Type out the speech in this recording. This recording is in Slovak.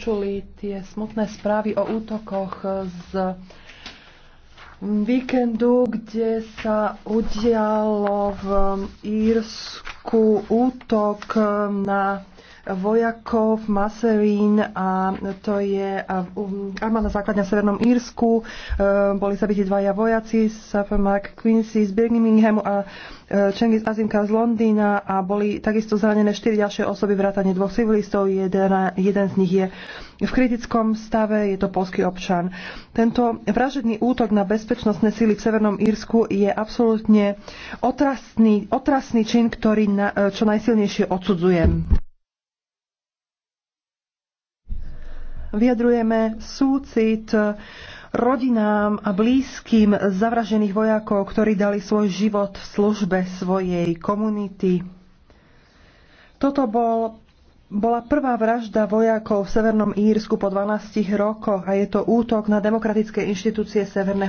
počuli tie smutné správy o útokoch z víkendu, kde sa udialo v Írsku útok na vojakov Maserín a to je um, armáda základňa v Severnom Írsku. E, boli zabiti dvaja vojaci, z Mark Quincy z Birminghamu a Čengis e, Azimka z Londýna a boli takisto zranené štyri ďalšie osoby vrátane dvoch civilistov. Jeden, jeden z nich je v kritickom stave, je to polský občan. Tento vražedný útok na bezpečnostné síly v Severnom Írsku je absolútne otrasný, otrasný čin, ktorý na, e, čo najsilnejšie odsudzujem. Vyjadrujeme súcit rodinám a blízkym zavražených vojakov, ktorí dali svoj život v službe svojej komunity. Toto bol, bola prvá vražda vojakov v Severnom Írsku po 12 rokoch a je to útok na demokratické inštitúcie Severného